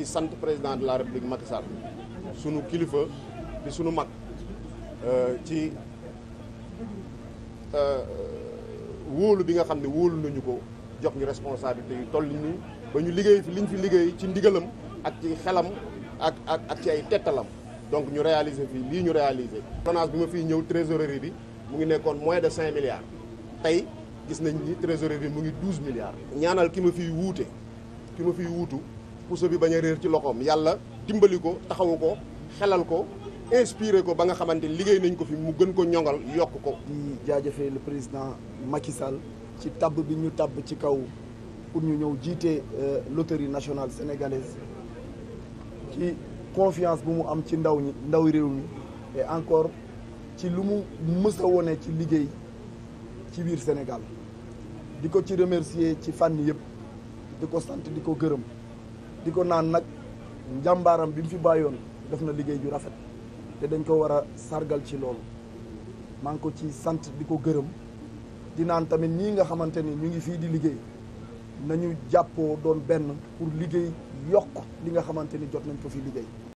di sant président de la république Macky suñu kilifa di sunu mag euh, ci euh, wóolu bi nga xam ne wóolu nañu ko jox ñu responsabilité yu toll nii ba ñu liggéey fi liñ fi liggéey ci ndigalam ak ci xelam ak ak ak ci ay tettalam donc ñu réaliser fii lii ñu réaliser. tonnage bi ma fiy ñëw trésorerie bi mu ngi nekkoon moins de cinq milliards tey gis nañ ni trésorerie bi mu ngi douze milliards. ñaanal ki ma fiy wuute ki ma fiy wuutu. puso bi bañ a réer ci loxoom yàlla dimbali ko taxawu ko xelal ko inspiré ko ba nga xamante liggéey nañ ko fi mu gën ko ñoŋal yokk ko. di jaajëfee le président Macky Sall ci tabb bi ñu tabb ci kaw pour ñu ñëw jiite euh, loterie nationale sénégalaise ci confiance bu mu am ci ndaw ñi ndaw réew mi encore ci lu mu mës a wone ci liggéey ci biir Sénégal di ko ci remercier ci fànn yëpp di ko sant di ko gërëm. di ko naan nag njàmbaaram bi mu fi bàyyoon def na liggéey ju rafet te dañ ko war a sargal ci loolu maa ngi ko ci sant di ko gërëm di naan tamit ñii nga xamante ni ñu ngi fii di liggéey nañu jàppoo doon benn pour liggéey yokk li nga xamante ni jot nañ ko fi liggéey